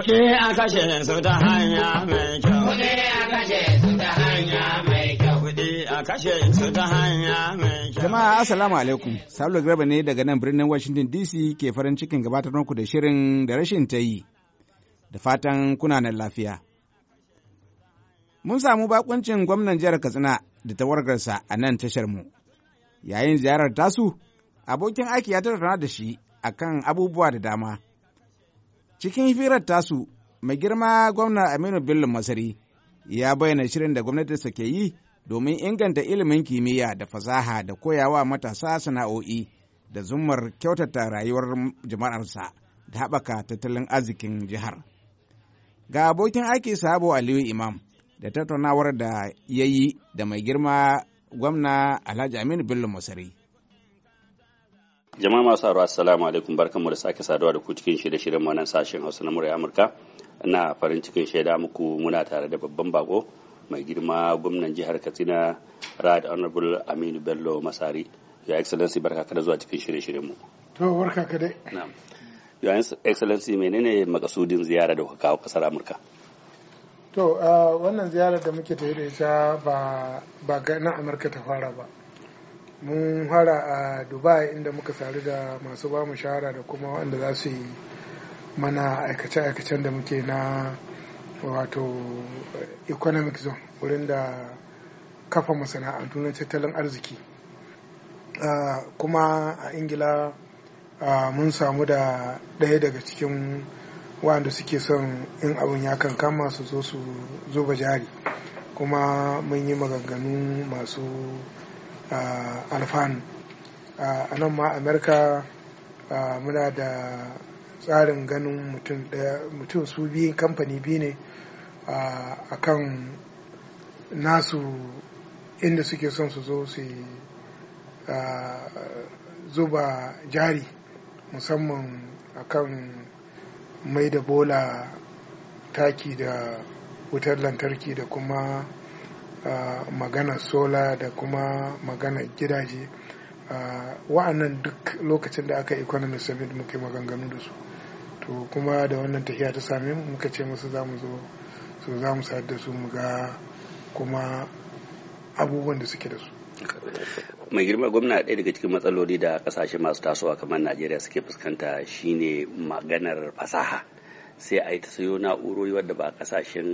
Kuɗi a kashe su ta hanya mai kyau. Kuɗi a kashe su ta hanya mai kyau. Kuɗi a kashe su ta hanya mai kyau. Jama'a Assalamu alaikum. Salo Garba ne daga nan birnin Washington DC ke farin cikin gabatar muku da shirin da rashin ta yi. Da fatan kuna nan lafiya. Mun samu bakuncin gwamnan jihar Katsina da tawargarsa a nan tashar mu. Yayin ziyarar tasu, abokin aiki ya tattauna da shi akan abubuwa da dama. Cikin hirar tasu, mai girma gwamna Aminu Bello Masari ya bayyana shirin da gwamnatinsa ke yi domin inganta ilimin kimiyya da fasaha da koyawa matasa sana'o'i da zumar kyautata rayuwar jama'arsa da haɓaka tattalin arzikin jihar. Ga abokin aiki sabo Aliyu Imam da tattaunawar da ya yi da mai girma gwamna Alhaji Aminu Bello Masari. Jama'a masu aro assalamu alaikum barkanmu da sake saduwa da ku cikin shirye-shiryen wannan sashen Hausa na murya Amurka. Ina farin cikin shaida muku muna tare da babban bako mai girma gwamnan jihar Katsina Rad Honorable Aminu Bello Masari. Your Excellency barka ka da zuwa cikin shirye-shiryen mu. To barka ka dai. Na'am. Your Excellency menene makasudin ziyara da kuka kawo kasar Amurka? To wannan ziyara da muke tare da ita ba ba na Amurka ta fara ba. mun hara a dubai inda muka sari da masu ba mu shahara da kuma wanda za su yi mana aikace-aikacen da muke na wato economic zone wurin da kafa masana'antu na tattalin arziki kuma a ingila mun samu da ɗaya daga cikin wanda suke son in abin ya kan kama su zo su zuba jari kuma mun yi maganganu masu alfanu a nan ma amurka muna da tsarin ganin mutum su biyu kamfani biyu ne a kan nasu inda suke son su zo su zuba jari musamman akan mai da bola taki da wutar lantarki da kuma magana sola da kuma magana gidaje wa'annan duk lokacin da aka economy summit muka maganganu da su to kuma da wannan tafiya ta same mu muka ce musu za mu zo so za mu sayar da su mu ga kuma abubuwan da suke da su mai girma gwamna ɗaya daga cikin matsaloli da kasashe masu tasowa kamar najeriya suke fuskanta shine maganar fasaha sai a yi ta sayo na'urori wadda ba a kasashen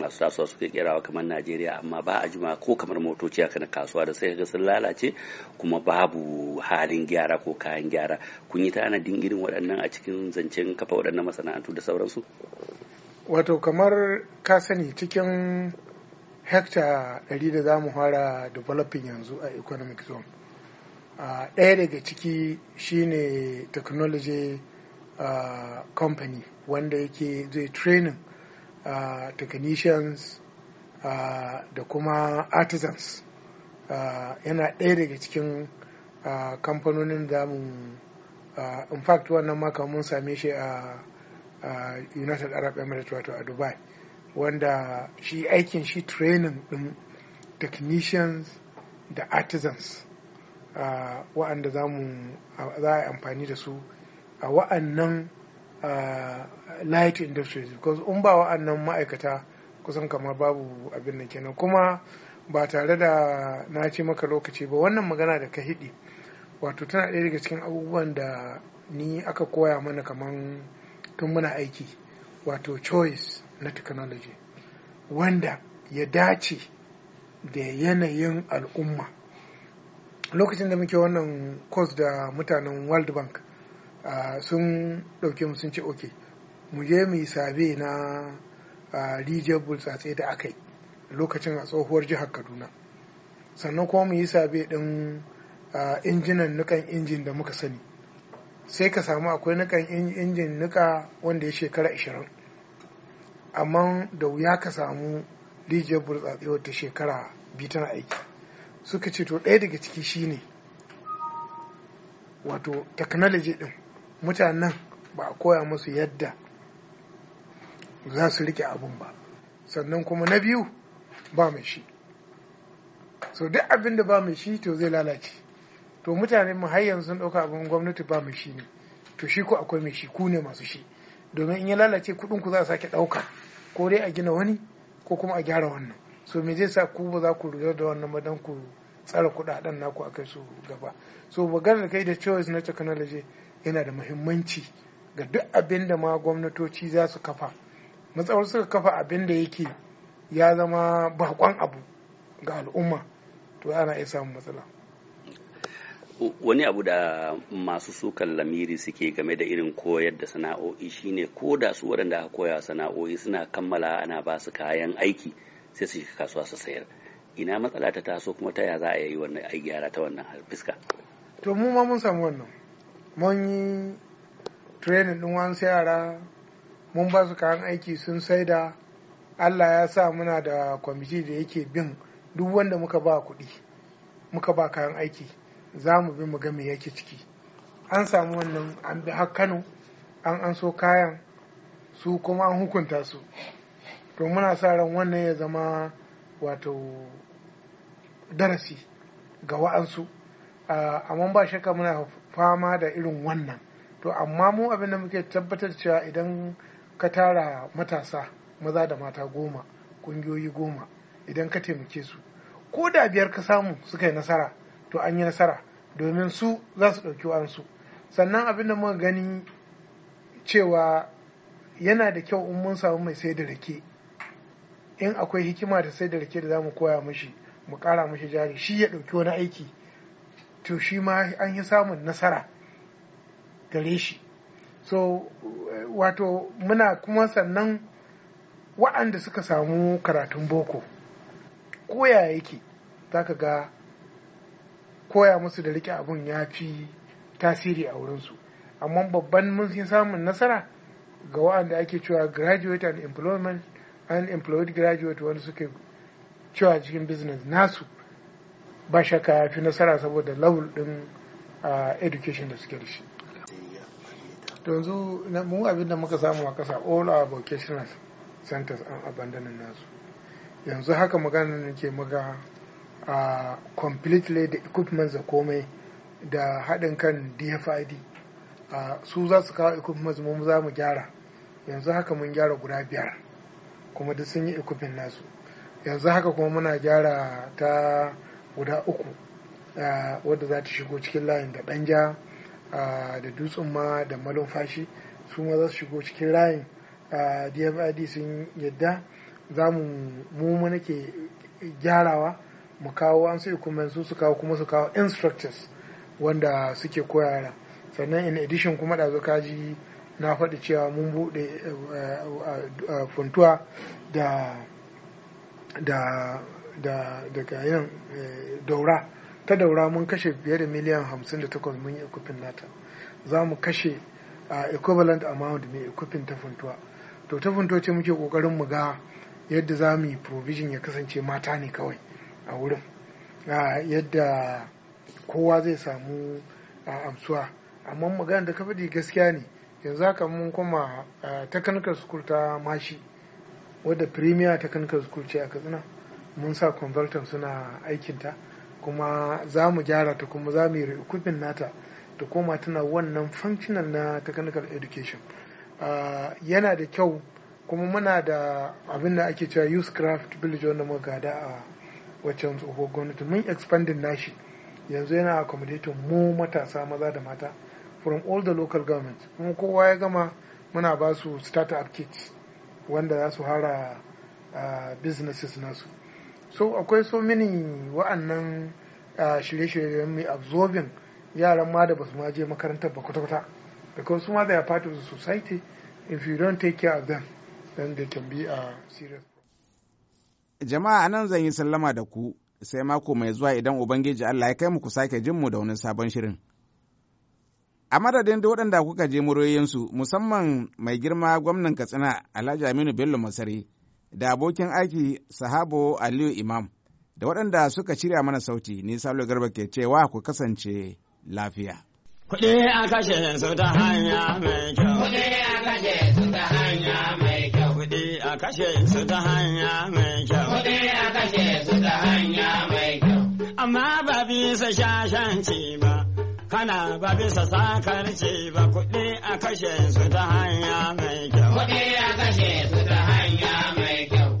masu tasowa suke kerawa kamar najeriya amma ba a jima ko kamar motoci a na kasuwa da sai ga sun lalace kuma babu halin gyara ko kayan gyara kun yi tanadin irin waɗannan a cikin zancen kafa waɗannan masana'antu da sauransu wato kamar ka sani cikin hekta ɗari da za mu fara developing yanzu a economic zone ah, ɗaya daga ciki shine technology company wanda yake zai training uh, technicians uh, da kuma artisans uh, yana ɗaya daga cikin uh, kamfanonin da mu uh, in fact wannan maka mun same shi a uh, uh, united arab emirates wato a dubai wanda shi aikin shi training ɗin um, technicians da artisans uh, wa'anda za a yi amfani da su a wa'annan light industries because in ba wa'annan ma'aikata kusan kama babu abin da kenan kuma ba tare da na ce maka lokaci ba wannan magana da ka hidi wato tana ɗaya daga cikin abubuwan da ni aka koya mana kamar tun muna aiki wato choice na technology wanda ya dace da yanayin al'umma lokacin da muke wannan course da mutanen world bank sun ɗauke mu sun ce ok mu je mu yi sabe na rijiyar bulsatse da aka yi lokacin a tsohuwar jihar kaduna sannan kuma mu yi sabe ɗin injinan nukan injin da muka sani sai ka samu akwai nukan injin nuka wanda ya shekara 20 amma da wuya ka samu rijiyar burtsatse wata shekara biyu tana aiki suka ce to ɗaya daga ciki shine wato technology ɗin mutanen ba a koya musu yadda za su rike abun ba sannan kuma na biyu ba mai shi so duk abin da ba mai shi to zai lalace to mutane mu har yanzu sun ɗauka abin gwamnati ba mai shi ne to shi ko akwai mai shi ku ne masu shi domin in ya lalace kuɗin ku za a sake ɗauka ko dai a gina wani ko kuma a gyara wannan so me zai sa ku ba za ku lura da wannan ba don ku tsara kuɗaɗen naku a kai su gaba so da kai da choice na technology yana da muhimmanci ga duk abin da ma gwamnatoci za su kafa matsawar suka kafa abin da yake ya zama bakon abu ga al'umma to ana iya samun matsala wani abu da masu sukan lamiri suke game da irin koyar da sana'o'i shine ko da su waɗanda aka koya sana'o'i suna kammala ana ba su kayan aiki sai su shiga kasuwa su sayar ina matsala ta taso kuma ta ya za a yi wannan ai gyara ta wannan fiska to mu ma mun samu wannan mun yi training ɗin wasu yara mun ba su kayan aiki sun sai da allah ya sa muna da kwamiti da yake bin duk wanda muka ba kuɗi muka ba kayan aiki za mu bi mu ga me yake ciki an samu wannan an bi har kano an an so kayan su kuma an hukunta su to muna sa ran wannan ya zama wato darasi ga wa'ansu ah, amma ba shakka muna fama da irin wannan to amma mu abin da muke tabbatar cewa idan ka tara matasa maza da mata goma ƙungiyoyi goma idan ka taimake su ko da biyar ka samu suka yi nasara to an yi nasara domin su za su ɗauki wa'ansu sannan abin da muka gani cewa yana da kyau in mun samu mai sai da rake in akwai hikima da sai da rake da za mu koya mashi mu ƙara mashi jari shi ya ɗauki wani aiki to shi ma an yi samun nasara gare shi so wato muna kuma sannan wa'anda suka samu karatun boko koya yake zaka ga koya musu da rike abun ya fi tasiri a wurinsu amma babban mun samun nasara ga wa'anda ake cewa graduate and employment and employed graduate wanda suke cewa cikin business nasu ba shakka ya fi nasara saboda level din education da suke da shi to yanzu mu abin da muka samu a ƙasa all our vocational centers an abandonin nasu yanzu haka ne nake muga a completely the equipment da komai da haɗin kan dfid su za su kawo equipment mu za mu gyara yanzu haka mun gyara guda biyar kuma duk sun yi equipment nasu yanzu haka kuma muna gyara ta guda uku wadda za ta shigo cikin layin da danja da dutsen ma da malumfashi su ma za su shigo cikin layin dfid sun yadda za mu mu ke gyarawa mu kawo an su kuma su su kawo kuma su kawo instructors wanda suke koyara sannan in addition kuma da kaji na faɗi cewa mun buɗe funtuwa da da daga yin eh, daura ta daura mun kashe fiye da miliyan 58 mun yi equipment nata za mu kashe equivalent amount mai equipment ta funtuwa to ta ce muke kokarin mu ga yadda za mu yi provision ya kasance mata ne kawai a wurin yadda kowa zai samu amsuwa amma magana da kafa gaskiya ne yanzu haka mun kuma technical school ta mashi wadda premier technical school ce a katsina mun sa consultant suna aikinta kuma za mu gyara ta kuma za mu yi recouping nata ta koma tana wannan functional na technical education ah, yana da kyau kuma muna da abin da ake cewa Yus craft village wanda muka gada a waccan tsohuwar gwamnati mun expanding nashi yanzu yana accommodating mu matasa maza da mata from all the local governments kuma kowa ya gama muna ba su startup kits wanda za su hara ah, businesses nasu so akwai so mini wa'annan shirye-shirye mai absorbing yaran ma da basu ma je makarantar ba kwata-kwata because ma they are part of the society if you don't take care of them then they can be a serious jama'a anan zan yi sallama da ku sai mako mai zuwa idan ubangiji Allah ya kai mu ku sake jin mu da wani sabon shirin a madadin da waɗanda kuka je muroyinsu musamman mai girma gwamnan katsina alhaji aminu bello masari da abokin aiki sahabo aliyu imam da waɗanda suka shirya mana sauti ni salo garba ke cewa ku kasance lafiya kuɗi a kashe su ta hanya mai kyau kuɗi a kashe su ta hanya mai kyau kuɗi a kashe su ta hanya mai kyau kuɗi a kashe su ta hanya mai kyau amma ba bisa shashanci ba kana ba bisa sakarci ba kuɗi a kashe su ta hanya mai kyau. Kuɗi a kashe su ta hanya mai kyau.